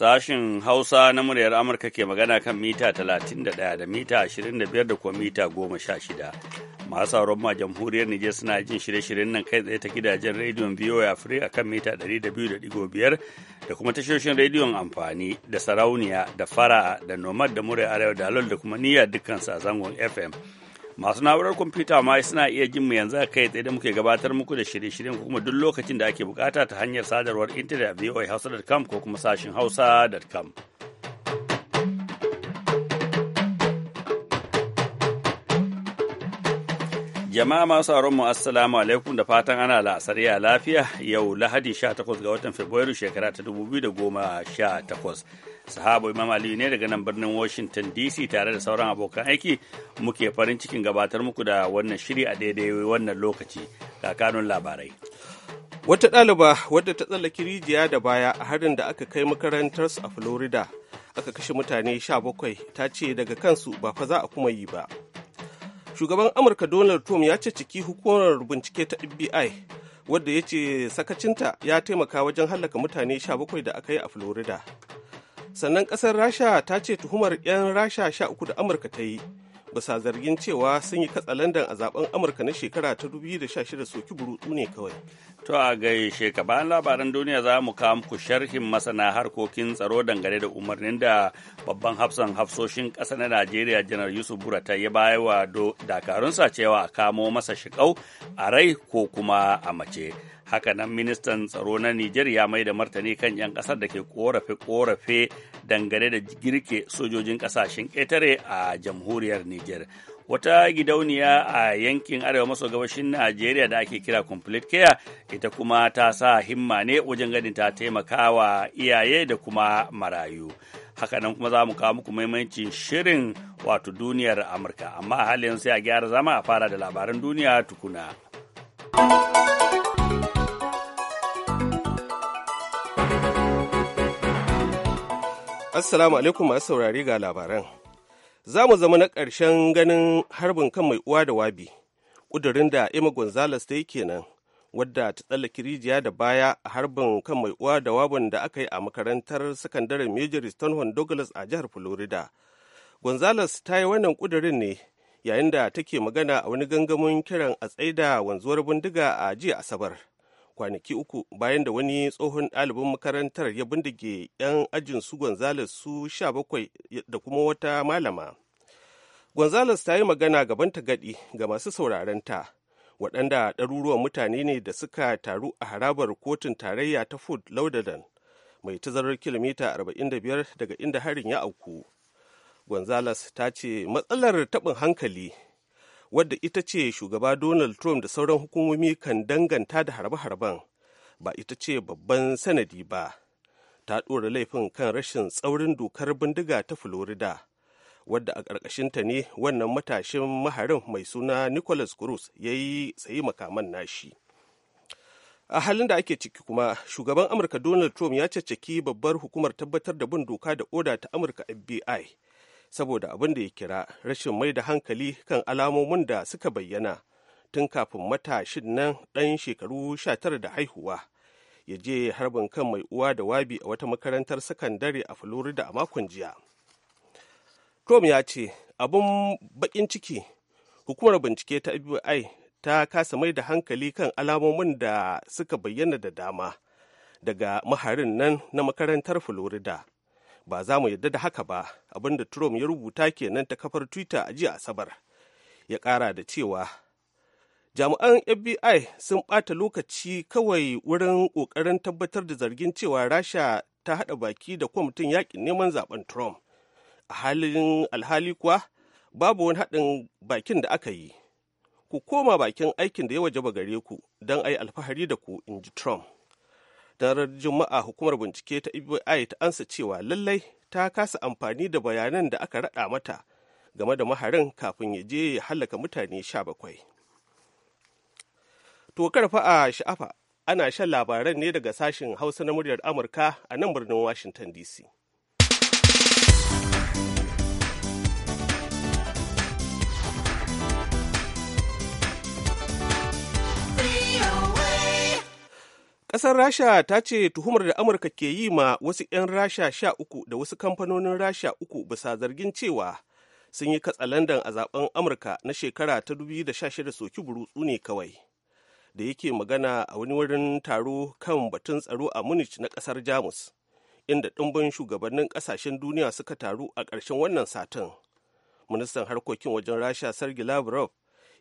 Sashin Hausa na muryar Amurka ke magana kan mita 31 da mita 25 da kuma mita 16. Masu sauran ma jamhuriyar Nijar suna jin shirye-shiryen nan kai tsaye ta gidajen rediyon VOA Africa kan mita 200.5 da kuma tashoshin rediyon amfani da sarauniya da fara da nomad da muryar arewa da da kuma niyya dukkan a zangon FM. masu na'urar kwamfuta ma suna iya jin mu yanzu kai tsaye da muke gabatar muku da shirye-shiryen kuma duk lokacin da ake bukata ta hanyar sadarwar intanet voahausa.com ko kuma sashin hausa.com jama'a masu sauran mu assalamu alaikum da fatan ana la'asari a lafiya yau lahadi 18 ga watan fabrairu shekara ta 2018 sahabo imam aliyu ne daga nan birnin washington dc tare da sauran abokan aiki muke farin cikin gabatar muku da wannan shiri a daidai wannan lokaci kakanun labarai wata ɗaliba wadda ta tsallake rijiya da baya a harin da aka kai makarantarsu a florida aka kashe mutane 17 ta ce daga kansu ba fa za a kuma yi ba shugaban amurka donald trump ya ce ciki hukumar bincike ta fbi wadda ya ce sakacinta ya taimaka wajen hallaka mutane 17 da aka yi a florida sannan ƙasar rasha ta ce tuhumar 'yan rasha sha uku da amurka ta yi bisa zargin cewa sun yi katsalandan a zaben amurka na shekara ta shida soki burutsu ne kawai to a gaishe ka labaran duniya za mu kawo muku sharhin masana harkokin tsaro dangane da umarnin da babban hafsan hafsoshin ƙasa na najeriya janar yusuf burata ya baya wa dakarunsa cewa a kamo masa shikau a rai ko kuma a mace hakanan ministan tsaro na nijar ya mai da martani kan 'yan kasar da ke korafe-korafe dangane da girke sojojin kasashen ƙetare a jamhuriyar nijar wata gidauniya a yankin arewa maso gabashin najeriya da ake kira complete care ita kuma ta sa himma ne wajen ganin ta taimakawa iyaye da kuma marayu hakanan kuma za mu kawo muku maimancin shirin wato duniyar amurka amma a halin sai a gyara zama a fara da labaran duniya tukuna. Assalamu alaikum masu saurari ga labaran. Za mu zama na ƙarshen ganin harbin kan mai uwa da wabi, ƙudurin da Emma Gonzalez ta yi kenan, wadda ta tsallake rijiya da baya a harbin kan mai uwa da wabin da aka yi a makarantar sakandaren Major Stonehorn Douglas a jihar Florida. Gonzalez ta yi wannan ƙudurin ne yayin da take magana a wani gangamin kiran a tsaida wanzuwar bindiga a jiya Asabar. kwanaki uku bayan da wani tsohon ɗalibin makarantar ya bindige 'yan ajin su gonzales su 17 da kuma wata malama gonzales ta yi magana gaban gaɗi ga masu ta. waɗanda ɗaruruwan mutane ne da suka taru a harabar kotun tarayya ta food laudadan mai tazarar kilomita 45 daga inda harin ya auku gonzales ta ce matsalar taɓin hankali wadda ita ce shugaba donald trump da sauran hukumomi kan danganta da harbe-harben ba ita ce babban sanadi ba ta ɗora laifin kan rashin tsaurin dokar bindiga ta florida wadda a ƙarƙashinta ne wannan matashin maharin mai suna nicholas cruz ya yi sayi makaman nashi a halin da ake ciki kuma shugaban amurka donald trump ya caccaki babbar hukumar tabbatar da bin doka da oda ta amurka fbi saboda abin da ya kira rashin mai da hankali kan alamomin da suka bayyana tun kafin matashin nan ɗan shekaru 19 da haihuwa ya je harbin kan mai uwa da wabi a wata makarantar sakandare a florida a makon jiya tom ya ce abin baƙin ciki hukumar bincike ta fbi ta kasa mai da hankali kan alamomin da suka bayyana da dama daga maharin nan na makarantar florida ba za mu yarda da haka ba abinda trump ya rubuta kenan ta kafar twitter a jiya asabar ya kara da cewa jami'an fbi sun ɓata lokaci kawai wurin ƙoƙarin tabbatar da zargin cewa rasha ta haɗa baki da kwamitin yakin neman zaben trump a halin alhali kuwa babu wani haɗin bakin da aka yi ku koma bakin aikin da ya waje gare ku don a yi alfahari da ku in ji trump daren juma'a hukumar bincike ta fbi ta ansa cewa lallai ta kasa amfani da bayanan da aka rada mata game da maharin kafin ya je ya hallaka mutane sha bakwai to karfa a sha'afa ana shan labaran ne daga sashen hausa na muryar amurka a nan birnin washington dc Ƙasar Rasha ta ce tuhumar da Amurka ke yi ma wasu 'yan Rasha sha uku da wasu kamfanonin Rasha uku bisa zargin cewa sun yi katsalandan a zaben Amurka na shekara ta 2016 soki burutsu ne kawai. Da yake magana a wani wurin taro kan batun tsaro a Munich na ƙasar Jamus, inda ɗumbin shugabannin ƙasashen duniya suka taru a ƙarshen wannan satin. Ministan harkokin wajen Rasha Sergei Lavrov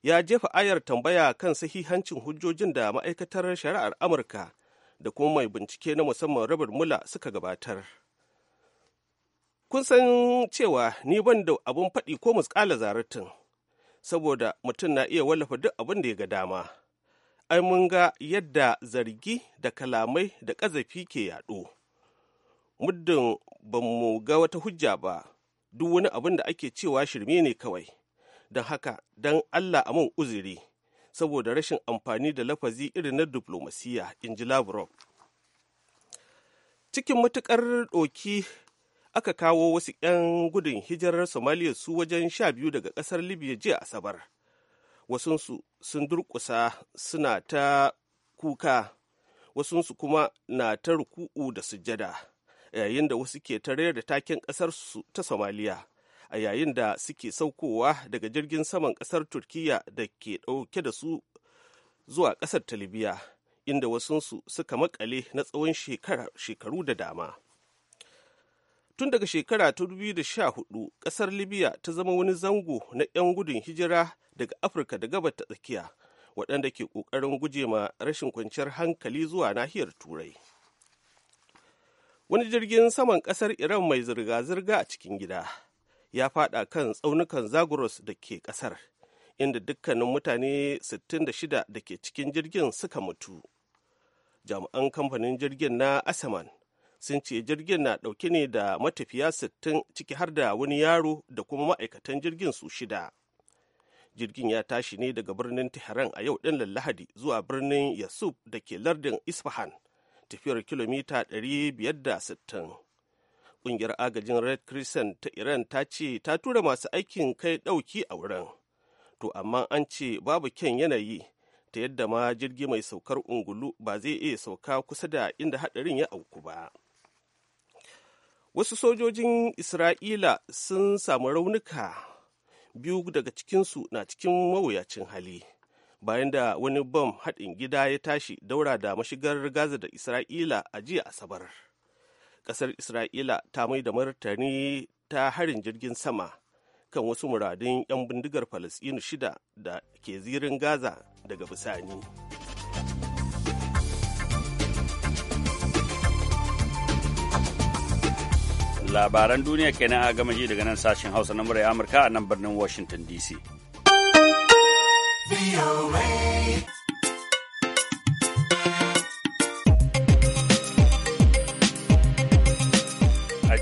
ya jefa ayar tambaya kan sahihancin hujjojin da ma'aikatar shari'ar Amurka da kuma mai bincike na musamman rabar mula suka gabatar. Kun san cewa ni ban da abin faɗi ko muskala zarartin, saboda mutum na iya wallafa duk abin da ya ga dama. Ai mun ga yadda zargi da kalamai da ƙazafi ke yaɗo. Muddin ban mu ga wata hujja ba, duk wani abin da ake cewa shirme ne kawai. Don haka, don Allah a mun uzuri. saboda rashin amfani da lafazi irin na diplomasiya in ji lavrov cikin matukar ɗoki aka kawo wasu 'yan gudun hijirar somaliya su wajen sha biyu daga ƙasar libya jiya asabar wasunsu sun durƙusa suna ta kuka wasunsu kuma na ta ruku'u da sujada yayin da wasu ke tare da taken su ta somaliya a yayin da suke saukowa daga jirgin saman ƙasar turkiya da ke dauke da su zuwa ƙasar ta libya inda wasunsu suka makale na tsawon shekaru da dama tun daga shekara ta 2014 ƙasar libya ta zama wani zango na 'yan gudun hijira daga afirka da gabar ta tsakiya waɗanda ke ƙoƙarin guje ma rashin kwanciyar hankali zuwa nahiyar turai wani jirgin saman ƙasar iran mai zirga-zirga a cikin gida ya fada kan tsaunukan zagros da ke kasar inda dukkanin mutane 66 da ke cikin jirgin suka mutu jami'an kamfanin jirgin na asaman sun ce jirgin na dauke ne da matafiya 60 ciki har da wani yaro da kuma ma'aikatan jirgin su shida jirgin ya tashi ne daga birnin tehran a yau din lahadi zuwa birnin yasuf da ke lardin isfahan tafiyar kilomita 560 kungiyar agajin red crescent ta iran ta ce ta tura masu aikin kai ɗauki a wurin to amma an ce babu kyan yanayi ta yadda ma jirgi mai saukar ungulu ba zai iya sauka kusa da inda haɗarin ya auku ba wasu sojojin isra'ila sun samu raunuka biyu daga cikinsu na cikin mawuyacin hali bayan da wani bom haɗin gida ya tashi daura da mashigar gaza da isra'ila a jiya asabar kasar isra'ila ta mai da martani ta harin jirgin sama kan wasu muradun 'yan bindigar falasɗinu shida da ke zirin gaza daga bisani labaran duniya kenan a gama ji daga nan sashen hausa na murai amurka a nan birnin washington dc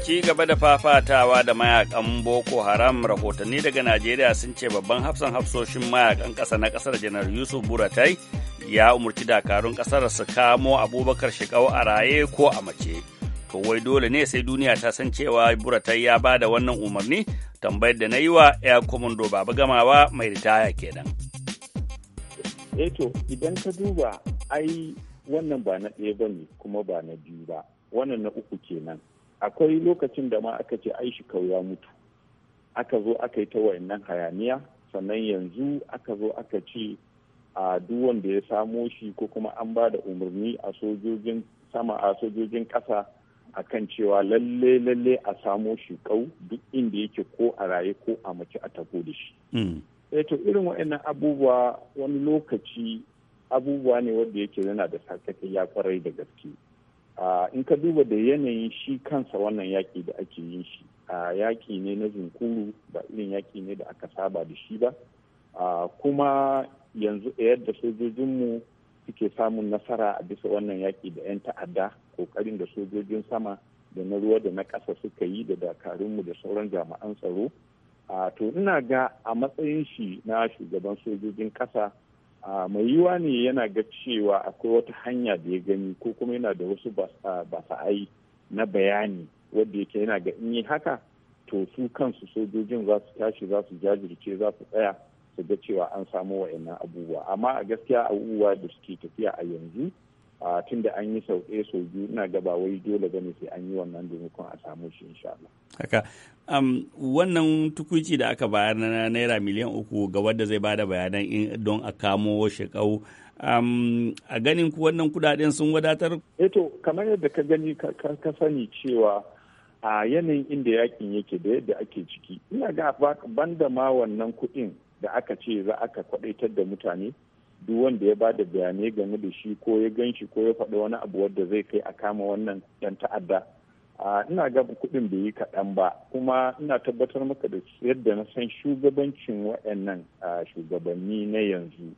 ci gaba da fafatawa da mayakan Boko Haram rahotanni daga Najeriya sun ce babban hafsan hafsoshin mayakan ƙasa na ƙasar janar Yusuf Buratai ya umarci dakarun ƙasar su kamo Abubakar Shekau a raye ko a mace. To wai dole ne sai duniya ta san cewa Buratai ya ba da wannan umarni tambayar da na yi wa ya komando baba gamawa mai ritaya kenan. Eto eh idan ka duba ai wannan ba na ɗaya ba ne kuma ba na biyu ba wannan na uku kenan. akwai lokacin da ma aka ce aishi ya mutu aka zo aka yi ta wayannan hayaniya sannan yanzu aka zo aka ce a duk wanda ya samo shi ko kuma an ba da umarni a sojojin sama a sojojin ƙasa a kan cewa lalle lalle a samo shi kau duk inda yake ko a raye ko a mace a tafi da shi. Mm. Eh to irin waɗannan abubuwa wani lokaci abubuwa ne wanda yake yana da ya kwarai da gaske. in ka duba da yanayin shi kansa wannan yaki da ake yin shi yaƙi ne na zunkuru ba irin yaki ne da aka saba da shi ba kuma yanzu yadda sojojinmu suke samun nasara a bisa wannan yaki da 'yan ta'adda kokarin da sojojin sama da na ruwa da na ƙasa suka yi da dakarunmu da sauran jami'an tsaro to ina ga a matsayin shi na shugaban sojojin ƙasa mai yiwuwa ne yana ga cewa akwai wata hanya da ya gani ko kuma yana da wasu basa'ai na bayani wadda yake yana ga in yi haka to su kansu sojojin za su tashi za su jajirce za su tsaya su ga cewa an samu wa'annan abubuwa amma a gaskiya abubuwa da suke tafiya a yanzu a tun da an yi sau ɗaya sau biyu na gaba wai dole bane sai an yi wannan domin a samu shi insha Allah. Haka. wannan tukuci da aka bayar na naira miliyan uku ga wadda zai bada bayanan in don a kamo shekau a ganin ku wannan kudaden sun wadatar? Eto eh kamar yadda ka gani ka sani cewa a yanayin inda yakin yake da yadda ake ciki ina ga banda ma wannan kuɗin da aka ce za aka kwadaitar da mutane duk wanda ya ba da bayanai game da shi ko ya ganshi ko ya faɗi wani abu wadda zai kai a kama wannan ɗan ta'adda ina ga kuɗin bai yi kaɗan ba kuma ina tabbatar maka da yadda na san shugabancin waɗannan shugabanni na yanzu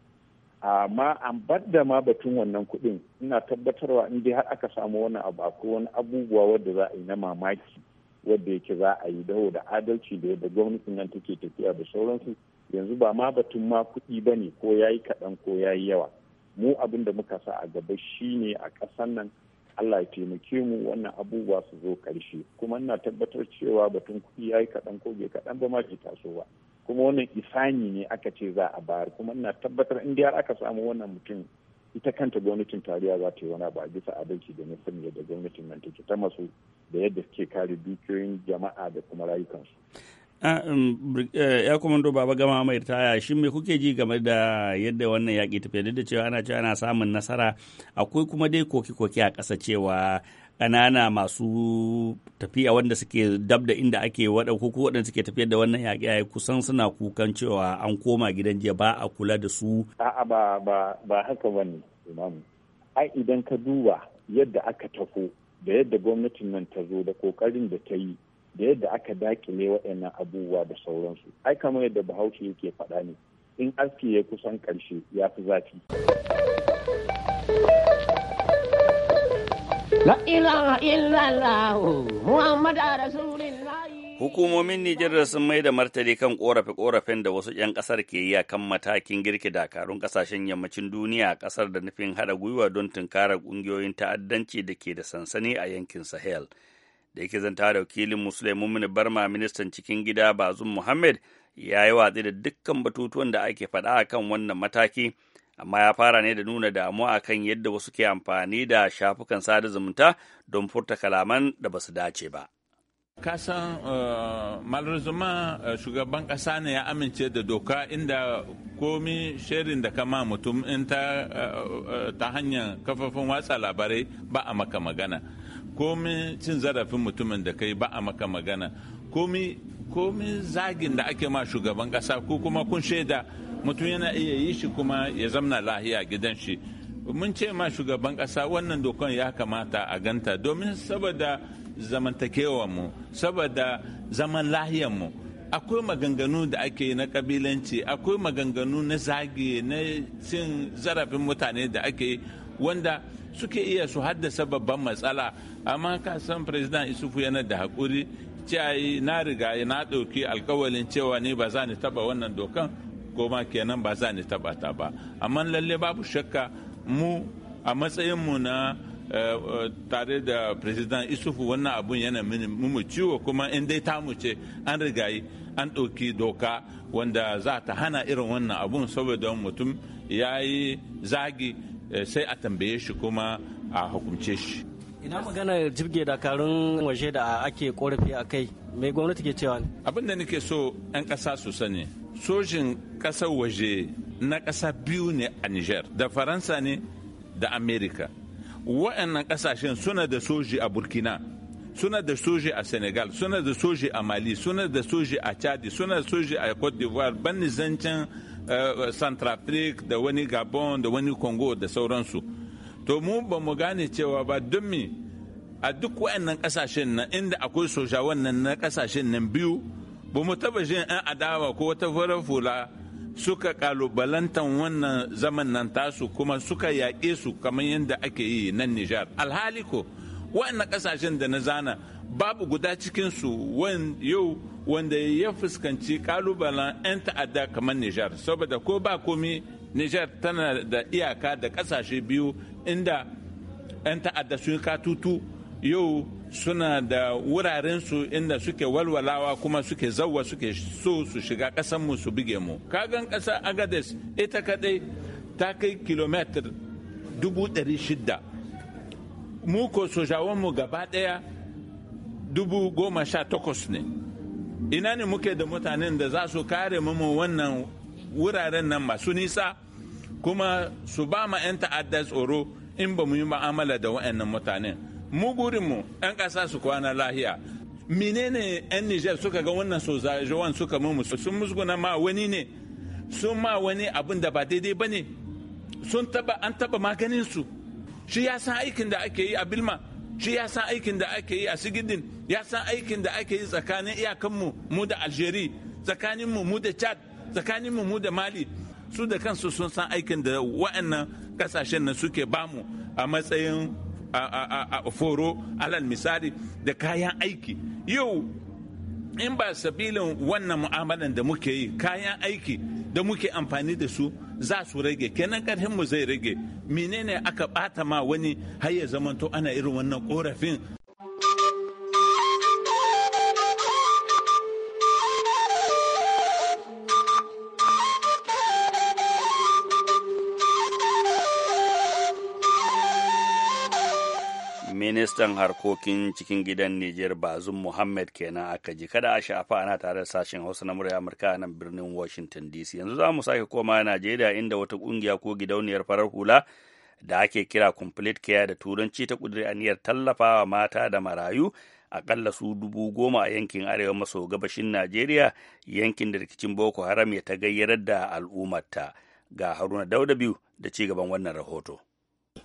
amma an badda ma batun wannan kuɗin ina tabbatarwa in dai har aka samu wani abu akwai wani abubuwa wadda za a yi na mamaki wadda yake za a yi da adalci da yadda gwamnatin nan take tafiya da sauransu yanzu ba ma batun ma kuɗi ba ne ko ya yi kaɗan ko ya yi yawa mu abin da muka sa a gaba ne a ƙasan nan Allah ya taimake mu wannan abubuwa su zo ƙarshe kuma ina tabbatar cewa batun kuɗi ya yi kaɗan ko bai kaɗan ba ma ke taso kuma wannan isani ne aka ce za a bayar kuma ina tabbatar in har aka samu wannan mutum ita kanta gwamnatin tarayya za ta yi wani ba bisa adalci da nufin yadda gwamnatin nan take ta masu da yadda suke kare dukiyoyin jama'a da kuma rayukansu. Ah, um, eh, ya komando baba gama mai taya shi me kuke ji game da yadda wannan yaƙi tafiya duk da cewa ana cewa ana samun nasara akwai kuma dai koke-koke a ƙasa cewa ƙanana masu tafiya wanda suke dab da inda ake waɗa ko waɗanda suke tafiyar da wannan yaƙi a kusan suna kukan cewa an koma gidan jiya ba a kula da su. A'a ba ba ba haka bane imamu. Ai idan ka duba yadda aka tafi da yadda gwamnatin nan ta zo da ƙoƙarin da ta yi da yadda aka dakile waɗannan abubuwa da sauransu ai kamar yadda bahaushe yake faɗa ne in aski ya kusan ƙarshe ya fi zafi Hukumomin Nijar sun mai da martani kan korafe-korafen da wasu 'yan kasar ke yi a kan matakin girki dakarun kasashen yammacin duniya a kasar da nufin haɗa gwiwa don tunkara ƙungiyoyin ta'addanci da ke da sansani a yankin Sahel. da yake zanta da wakilin musulmin barma ministan cikin gida bazum muhammad ya yi watsi da dukkan batutuwan da ake faɗa a kan wannan mataki amma ya fara ne da nuna damuwa akan yadda wasu ke amfani da shafukan sada zumunta don furta kalaman da basu dace ba. kasan eh, malarzuma eh, shugaban kasa ne ya amince da doka inda komi shirin da kama mutum in ta eh, hanyar kafafin watsa labarai ba a maka magana komi cin zarafin mutumin da kai ba a maka magana komi komi zagin da ake ma shugaban kasa ko kuma kun shaida mutum yana iya yi shi kuma ya zamna lahiya gidan shi mun ce ma shugaban kasa wannan dokan ya kamata a ganta domin saboda mu saboda zaman lahiyar mu akwai maganganu da ake yi na kabilanci akwai maganganu na zagi na cin zarafin mutane da ake yi wanda suke iya su haddasa babban matsala amma ka san president isufu yana da haƙuri cewa na riga na ɗauki alkawalin cewa ne ba za ni taɓa wannan dokan goma kenan ba za ni taɓa ta ba amma lalle babu shakka mu a mu na eh, eh, tare da president isufu wannan abun yana mu ciwo kuma in dai mu ce an riga yi an ɗauki doka wanda za ta hana irin wannan abun saboda mutum ya yi zagi Eh, sai a tambaye shi kuma a hukumce shi ina magana jirge dakarun waje da ake korafi a kai mai gwamnati ke cewa ne abin da nake so 'yan ƙasa su sani sojin ƙasar waje na ƙasa biyu ne a niger da faransa ne da amerika waɗannan ƙasashen suna da soji a burkina suna da soji a senegal suna da soji a mali suna da soji a chadi suna da soji a cote d'ivoire ban zancen centrafrique eh, eh, da wani gabon da wani congo da sauransu to mu ba mu gane cewa ba don mi a duk waɗannan kasashen nan inda akwai soja wannan na kasashen nan biyu ba mu taba jin an adawa ko wata farar fula suka kalubalantan wannan zaman nan tasu kuma suka yaƙe su kamar yadda ake yi nan Nijar. Alhali ko waɗannan ƙasashen da na zana babu guda cikinsu yau wanda ya fuskanci kalubalen 'yan ta'adda kamar Nijar saboda ko ba komi Nijar tana da iyaka da kasashe biyu inda 'yan ta'adda sun katutu yau suna da wurarensu inda suke walwalawa kuma suke zauwa suke so su shiga kasan mu su bige mu kagan kasa agades ita kadai ta kai kilomitar 600 mu ko mu gaba daya. dubu sha takwas ne ina ne muke da mutanen da za su kare mu wannan wuraren nan masu nisa kuma su ba ma 'yan ta'adda tsoro in ba mu yi ma'amala da wa'annan mutanen mu gurinmu 'yan ƙasa su kwana lahiya menene 'yan nijar suka ga wannan sozajewan suka mamu sun musguna ma wani ne sun ma wani abin da ba daidai ba ne sun taba an taba maganin su shi ya san aikin da ake yi a bilma shi ya san aikin da ake yi a sigidin ya san aikin da ake yi tsakanin iyakanmu mu da algeri tsakanin mu da chad tsakanin mu da mali su da kansu sun san aikin da wa'annan kasashen nan suke bamu a matsayin a foro alal misali da kayan aiki yau in ba sabilin wannan mu'amalan da muke yi kayan aiki da muke amfani da su za su rage kenan karhin mu zai rage menene aka bata ma wani har ya zamanto ana irin wannan korafin ministan harkokin cikin gidan Nijar Bazum Muhammad kenan aka ji kada a shafa ana tare da sashen Hausa na murya Amurka a nan birnin Washington DC. Yanzu za mu sake koma Najeriya inda wata kungiya ko gidauniyar farar hula da ake kira Complete Care da Turanci ta kudiri aniyar tallafawa mata da marayu akalla su dubu goma a yankin arewa maso gabashin Najeriya yankin da rikicin Boko Haram ya ta gayyarar da al'ummarta. Ga Haruna Dauda biyu da ci gaban wannan rahoto.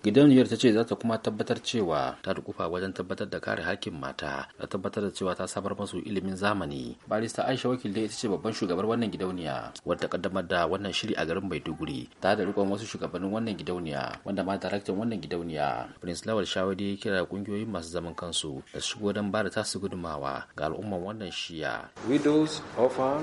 gidauniyar ta ce za ta kuma tabbatar cewa ta rukufa wajen tabbatar da kare hakkin mata da tabbatar da cewa ta samar masu ilimin zamani barista aisha wakil da ita ce babban shugabar wannan gidauniya wadda kaddamar da wannan shiri a garin maiduguri ta da rikon wasu shugabannin wannan gidauniya wanda ma daraktan wannan gidauniya prince lawal shawadi ya kira kungiyoyin masu zaman kansu da shigo don ba da tasu gudumawa ga al'umman wannan shiya widows orphan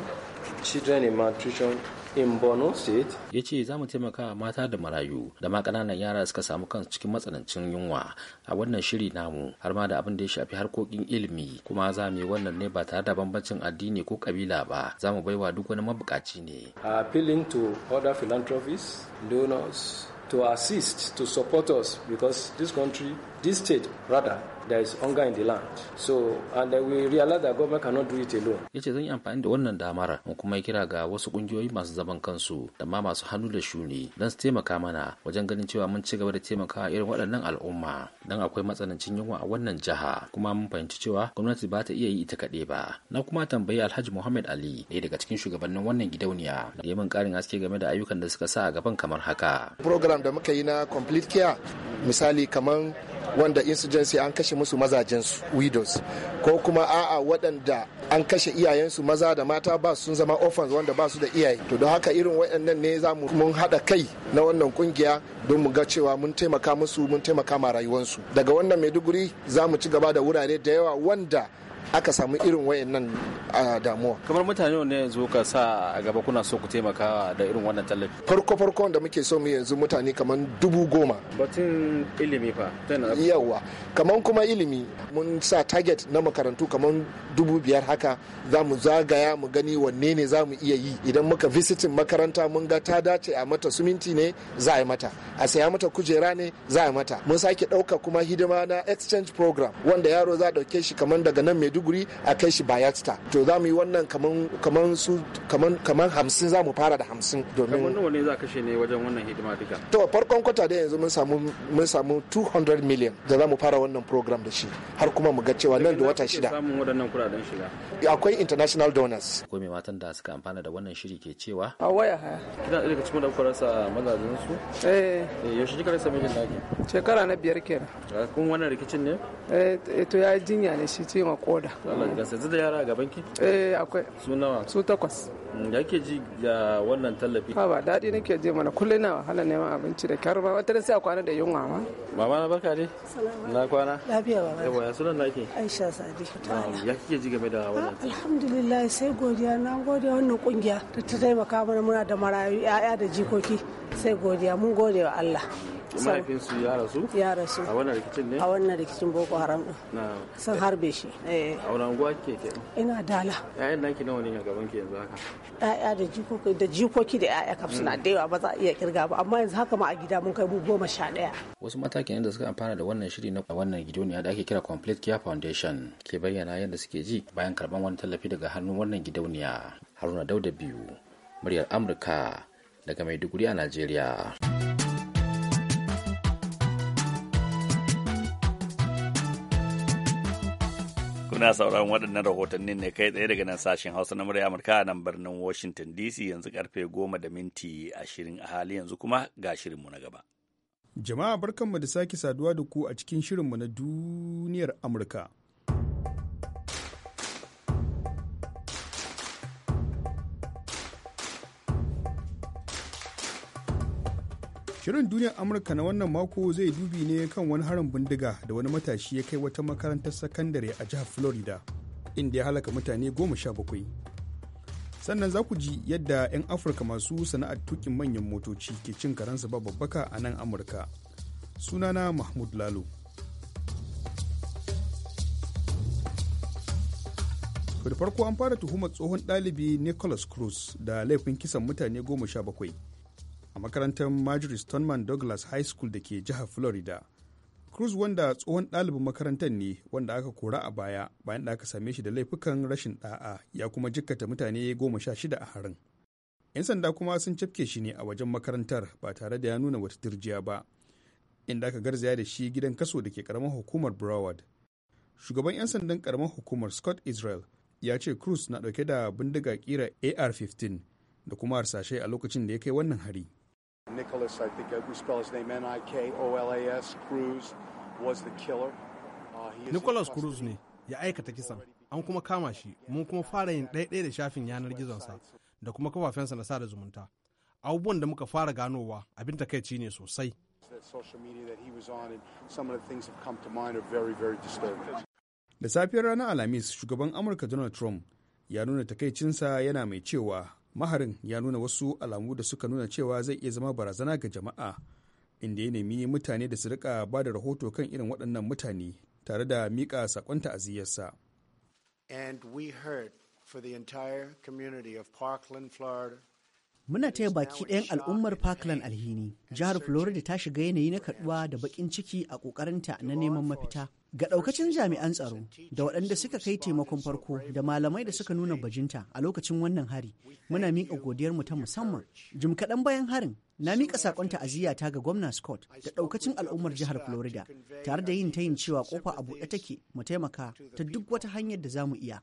children in malnutrition in Borno State. Ya ce za mu taimaka mata da marayu da ma ƙananan yara suka samu kansu cikin matsanancin yunwa a wannan shiri namu har ma da abin da ya shafi harkokin ilimi kuma za mu yi wannan ne ba tare da bambancin addini ko kabila ba za mu baiwa duk wani mabukaci ne. Appealing to other philanthropists, donors to assist to support us because this country, this state rather there is hunger in the land. So, and we realize that government cannot do it alone. Ya ce zan yi amfani da wannan damar mu kuma kira ga wasu kungiyoyi masu zaman kansu da ma masu hannu da shuni don su taimaka mana wajen ganin cewa mun ci gaba da taimakawa irin waɗannan al'umma don akwai matsanancin yunwa a wannan jiha kuma mun fahimci cewa gwamnati ba ta iya yi ita kaɗai ba. Na kuma tambayi Alhaji Muhammad Ali ɗaya daga cikin shugabannin wannan gidauniya da ya min ƙarin haske game da ayyukan da suka sa a gaban kamar haka. Program da muka yi na complete care misali kamar wanda insurgency an kashe musu mazajensu widows ko kuma a'a waɗanda an kashe iyayensu maza da mata ba sun zama orphans wanda ba su da iyaye to don haka irin waɗannan ne za mu mun haɗa kai na wannan kungiya don mu ga cewa mun taimaka musu mun taimaka ma rayuwarsu daga wannan maiduguri za mu ci gaba da wurare da yawa wanda aka samu irin wayan nan a damuwa kamar mutane ne yanzu ka sa a gaba kuna so ku taimaka da irin wannan tallafi farko farkon da muke so mu yanzu mutane kamar dubu goma batun ilimi fa yawa kamar kuma ilimi mun sa target na makarantu kamar dubu biyar haka za mu zagaya mu gani wanne ne za mu iya yi idan muka visitin makaranta mun ga ta dace a mata suminti ne za a yi mata a saya mata kujera ne za a yi mata mun sake ɗauka kuma hidima na exchange program wanda yaro za a ɗauke shi kamar daga nan mai maiduguri a kai shi bayelsa to za mu yi wannan kaman su kaman hamsin za mu fara da hamsin domin kamar nawa ne za kashe ne wajen wannan hidima duka to farkon kwata da yanzu mun samu mun samu 200 million da za mu fara wannan program da shi har kuma mu ga cewa nan da wata shida samun waɗannan kuɗaɗen shiga akwai international donors ko me matan da suka amfana da wannan shiri ke cewa a waya haya kina da daga da kuka rasa mazajen su eh. eh yaushe kika rasa mijin naki shekara na biyar kenan eh, kun wannan rikicin ne eh to ya jinya ne shi ciwon koda Allah ya gasa da yara a gaban ki eh akwai su nawa su takwas mm, ya ke ji ga wannan tallafi ha ba daɗi nake je mana kullum na wahala neman abinci da kyar ba wata sai a kwana da yunwa ma mama na barka dai na kwana lafiya ba yawa ya sunan nake Aisha Sadi ya kike ji game da wannan alhamdulillah sai godiya na gode wannan kungiya ta taimaka mana muna da marayu 'ya'ya da jikoki sai godiya mun gode wa Allah mahaifinsu ya rasu ya rasu a wannan rikicin ne a wannan rikicin boko haram din sun harbe shi eh. a wani unguwa ke ke ina dala ƴaƴan naki nawa ne a gaban ki yanzu haka ƴaƴa da jikoki da jikoki da ƴaƴa kam suna mm. da yawa ba za a iya kirga ba amma yanzu haka ma a gida mun kai mu goma sha ɗaya wasu matakin da suka amfana da wannan shiri na wannan gidauniya da ake kira complete care foundation ke bayyana yadda suke ji bayan karban wani tallafi daga hannun wannan gidauniya haruna dauda biyu muryar amurka daga maiduguri a najeriya kuna sauran waɗannan rahotannin ne kai tsaye daga nan sashen hausa na murya amurka a nan birnin washington dc yanzu karfe goma da minti ashirin a hali yanzu kuma ga shirinmu na gaba jama'a barkanmu da sake saduwa da ku a cikin shirinmu na duniyar amurka Shirin duniyar Amurka na wannan mako zai dubi ne kan wani harin bindiga da wani matashi ya kai wata makarantar sakandare a jihar Florida, inda ya halaka mutane goma sha bakwai. Sannan za ku ji yadda 'yan Afirka masu sana'ar tukin manyan motoci ke cin karansu ba babbaka a nan Amurka. Sunana Mahmud Lalo. da farko an fara tuhumar tsohon ɗalibi Nicholas Cruz da laifin kisan mutane goma sha bakwai. a makarantar Marjorie Stoneman Douglas High School da ke jihar Florida. Cruz wanda tsohon ɗalibin makarantar ne wanda aka kora a baya bayan da aka same shi da laifukan rashin ɗa'a ya kuma jikkata mutane goma sha shida a harin. 'Yan sanda kuma sun cafke shi ne a wajen makarantar ba tare da ya nuna wata turjiya ba, inda aka garzaya da shi gidan kaso da ke karamar hukumar Broward. Shugaban 'yan sandan karamar hukumar Scott Israel ya ce Cruz na dauke da bindiga kira AR-15 da kuma harsashe a lokacin da ya kai wannan hari. Nicholas, I think uh, we spell his name N-I-K-O-L-A-S, Cruz was the killer. Uh, Nicholas Cruz ne ya aikata kisan, an kuma kama shi, mun kuma fara yin ɗaiɗai da shafin yanar gizon sa da kuma kafafensa na sada zumunta. Abubuwan da muka fara ganowa abin takaici ne sosai. Da safiyar ranar Alhamis, shugaban Amurka Donald Trump ya nuna takaicinsa yana mai cewa maharin ya nuna wasu alamu da suka nuna cewa zai iya zama barazana ga jama'a inda ya nemi mutane da su rika ba da rahoto kan irin waɗannan mutane tare da miƙa saƙon ta'aziyyarsa. And we heard for the entire community of Parkland, Florida, Muna taya baki ɗayan al'ummar Parkland alhini. Jihar Florida ta shiga yanayi na kaduwa da bakin ciki a ƙoƙarinta na neman mafita. Ga ɗaukacin jami'an tsaro da waɗanda suka kai taimakon farko da malamai da suka nuna bajinta a lokacin wannan hari, muna miƙa godiyar mu ta musamman. Jim kaɗan bayan harin, na miƙa saƙon ta ga gwamna Scott da ɗaukacin al'ummar jihar Florida, tare da yin tayin cewa ƙofa a buɗe take mu taimaka ta duk wata hanyar da za mu iya.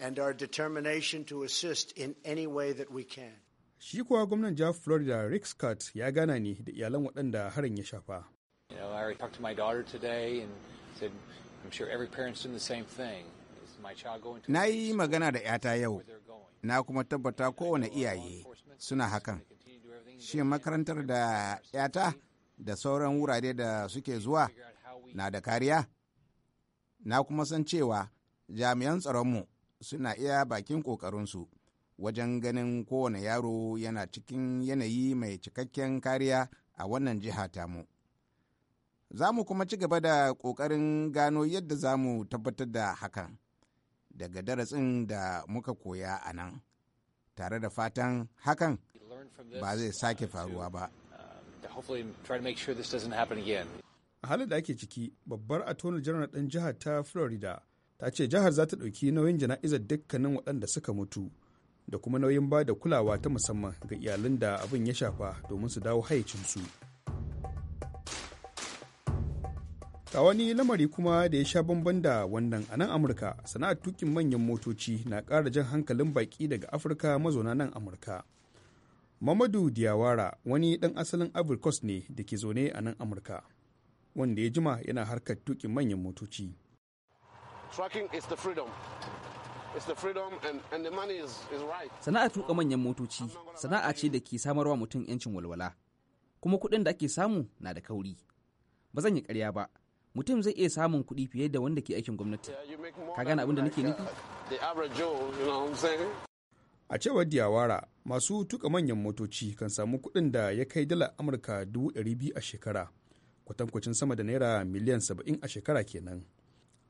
and our determination to assist in any way that we can. Shi kuwa gwamnan jihar Florida Rick Scott ya gana ne da iyalan waɗanda harin ya shafa. You know, I talked to my daughter today Na yi magana da 'yata yau, na kuma tabbata kowane iyaye suna hakan. shi makarantar da 'yata da sauran wurare da suke zuwa na da kariya? Na kuma san cewa jami'an tsaronmu suna iya bakin ƙoƙarinsu wajen ganin kowane yaro yana cikin yanayi mai cikakken kariya a wannan jiha tamu. Za mu kuma ci gaba da ƙoƙarin gano yadda za mu tabbatar da hakan daga darasin da muka koya a nan, tare da fatan hakan ba zai sake faruwa ba. A halin da ake ciki, babbar attorney janar ɗin jiha ta Florida ta ce jihar za ta ɗauki nauyin jana'izar dukkanin waɗanda suka mutu da kuma nauyin ba da kulawa ta musamman ga iyalan da abin ya shafa domin su dawo haicinsu. ta wani lamari kuma da ya sha bamban da wannan a nan amurka sana'ar tukin manyan motoci na ƙara jan hankalin baƙi daga afirka mazauna nan amurka mamadu diyawara wani ɗan asalin Coast ne da ke zaune a nan amurka wanda ya jima yana harkar tukin manyan motoci Trucking is the freedom. Sana'a tuka manyan motoci sana'a ce da ke samarwa mutum 'yancin walwala, kuma kuɗin da ake samu na da kauri. Ba zan yi ƙarya ba, mutum zai iya samun kuɗi fiye da wanda ke aikin gwamnati. Ka gane abin da nake nufi? Uh, a cewar diyawara, masu tuka manyan motoci kan samu kuɗin da ya kai dala Amurka dubu ɗari biyu a shekara, kwatankwacin sama da naira miliyan saba'in a shekara kenan.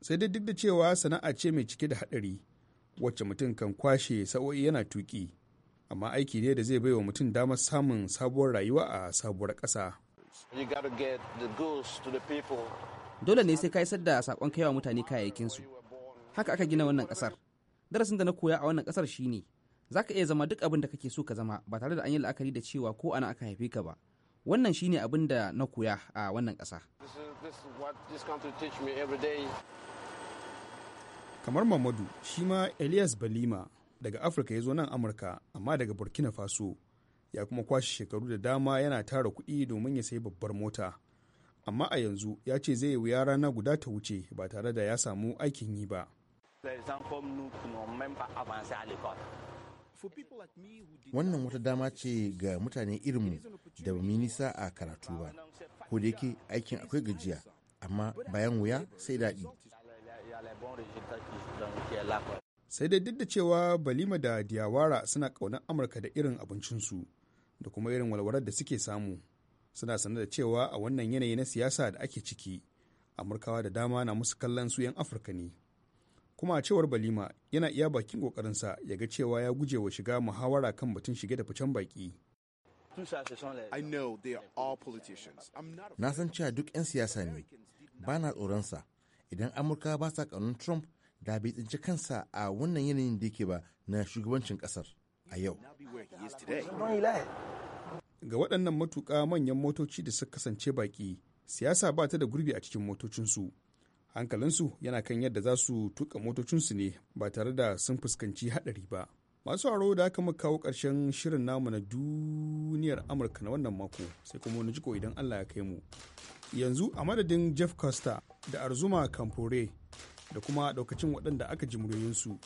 sai dai duk da cewa sana'a ce mai cike da haɗari wacce mutum kan kwashe sa'o'i yana tuƙi amma aiki ne da zai baiwa mutum damar samun sabuwar rayuwa a sabuwar ƙasa dole ne sai ka isar da saƙon kaiwa mutane kayayyakinsu haka aka gina wannan ƙasar darasin da na koya a wannan ƙasar shine za ka iya zama duk abin da kake so ka zama ba tare da an yi la'akari da cewa ko ana aka haife ka ba wannan shine abin da na koya a wannan ƙasa kamar mamadu shi ma elias balima daga afirka ya zo nan amurka amma daga burkina faso ya kuma kwashe shekaru da dama yana tara kuɗi domin ya sayi babbar mota amma a yanzu ya ce zai wuya rana guda ta wuce ba tare da ya samu aikin yi ba wannan wata dama ce ga mutane irinmu da ba nisa a karatu ba ko da yake aikin akwai gajiya amma bayan wuya sai daɗi sai dai duk da cewa balima da diyawara suna ƙaunar amurka da irin abincinsu da kuma irin walwarar da suke samu suna sanar da cewa a wannan yanayi na siyasa da ake ciki amurkawa da dama na musu kallon su 'yan afirka ne kuma a cewar balima yana iya bakin kokarinsa ya ga cewa ya guje wa shiga muhawara kan batun shige da ficen baki na san cewa duk 'yan siyasa ne ba na tsoronsa idan amurka ba sa kanun trump da bai tsinci kansa a wannan yanayin da yake ba na shugabancin kasar a yau ga waɗannan matuƙa manyan motoci da suka kasance baƙi siyasa ba ta da gurbi a cikin motocinsu hankalinsu yana kan yadda za su tuka motocinsu ne ba tare da sun fuskanci haɗari ba masu haro da aka muka kawo ƙarshen shirin namu na duniyar amurka na wannan mako sai kuma wani jiko idan allah ya kai mu yanzu a madadin jeff costa da Arzuma Kamfore da kuma daukacin waɗanda aka ji su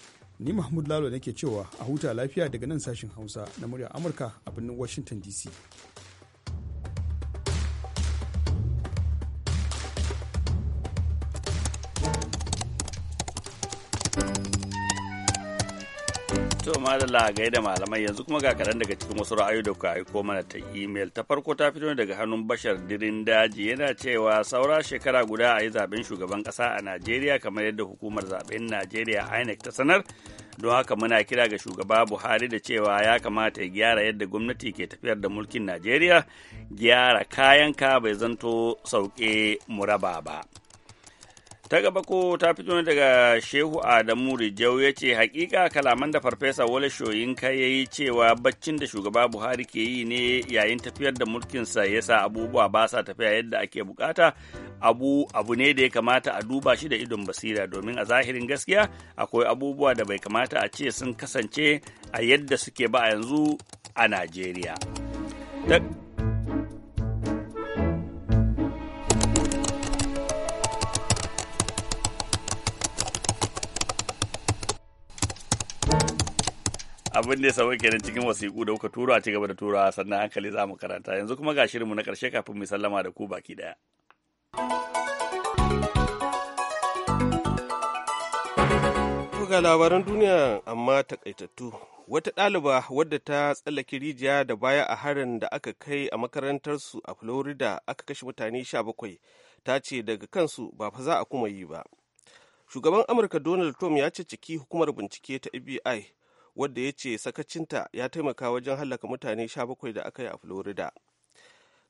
Ni Mahmud Lalo nake cewa a huta lafiya daga nan sashin Hausa na murya Amurka a birnin Washington DC. To da gai da malamai yanzu kuma ga kaɗan daga cikin wasu ra'ayi da kuka aiko mana ta imel ta farko ta fito daga hannun bashar dirin daji yana cewa saura shekara guda a yi zaben shugaban ƙasa a Najeriya kamar yadda hukumar zaben Najeriya INEC ta sanar don haka muna kira ga shugaba Buhari da cewa ya kamata ya gyara yadda gwamnati ke tafiyar da mulkin Najeriya gyara kayan ka bai zanto sauke muraba ba. ta gaba ko ta fito ne daga shehu adamu rijau ya ce hakika kalaman da farfesa wale shoyinka ya yi cewa baccin da shugaba buhari ke yi ne yayin tafiyar da mulkinsa ya sa abubuwa ba sa tafiya yadda ake bukata abu abu ne da ya kamata a duba shi da idon basira domin a zahirin gaskiya akwai abubuwa da bai kamata a ce sun kasance a yadda suke ba a yanzu a najeriya abin da ya samu kenan cikin wasiƙu da kuka turo a ci gaba da turawa sannan hankali za mu karanta yanzu kuma ga shirinmu na ƙarshe kafin mu sallama da ku baki ɗaya. ga labaran duniya amma takaitattu wata ɗaliba wadda ta tsallake rijiya da baya a harin da aka kai a makarantarsu a florida aka kashe mutane 17 ta ce daga kansu ba fa za a kuma yi ba shugaban amurka donald trump ya ce ciki hukumar bincike ta fbi wadda ya ce sakacinta ya taimaka wajen hallaka mutane 17 da aka yi a florida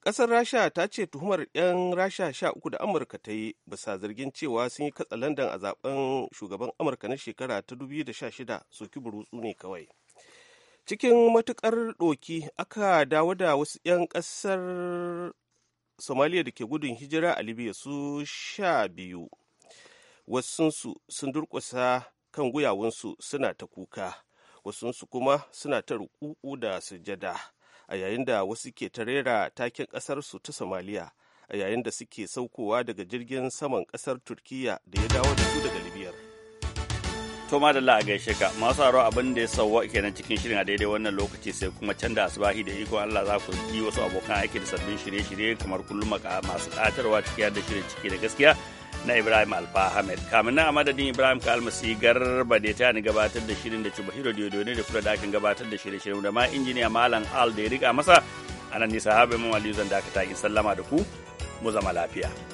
ƙasar rasha ta ce tuhumar 'yan rasha 13 da amurka ta yi bisa zargin cewa sun yi katsalandan a zaben shugaban amurka na shekara ta 2016 soki burutsu ne kawai cikin matukar doki aka dawo da wasu 'yan ƙasar somaliya da ke gudun hijira a libya su sha biyu wasunsu sun durƙusa kan guyawunsu suna ta kuka wasunsu kuma suna ta ruku'u da sujada a yayin da wasu ke ta rera taken ƙasarsu ta somaliya a yayin da suke saukowa daga jirgin saman ƙasar turkiya da ya dawo da su daga libiyar to da la gaishe ka masu haro abin da ya sauwa kenan cikin shirin a daidai wannan lokaci sai kuma can da asibahi da iko Allah za ku yi wasu abokan aiki da sabbin shirye-shirye kamar kullum masu ƙatarwa cikin da shirin ciki da gaskiya na Ibrahim Alfa Ahmed. Kamin na madadin Ibrahim Kalmasi garba da ta ni gabatar da shirin da Chubahiro Diodone da kula da akin gabatar da shirye-shirye da ma injiniya Malam Al da ya riga masa. Anan ne sahabin mu Aliyu Zandaka ta sallama da ku mu zama lafiya.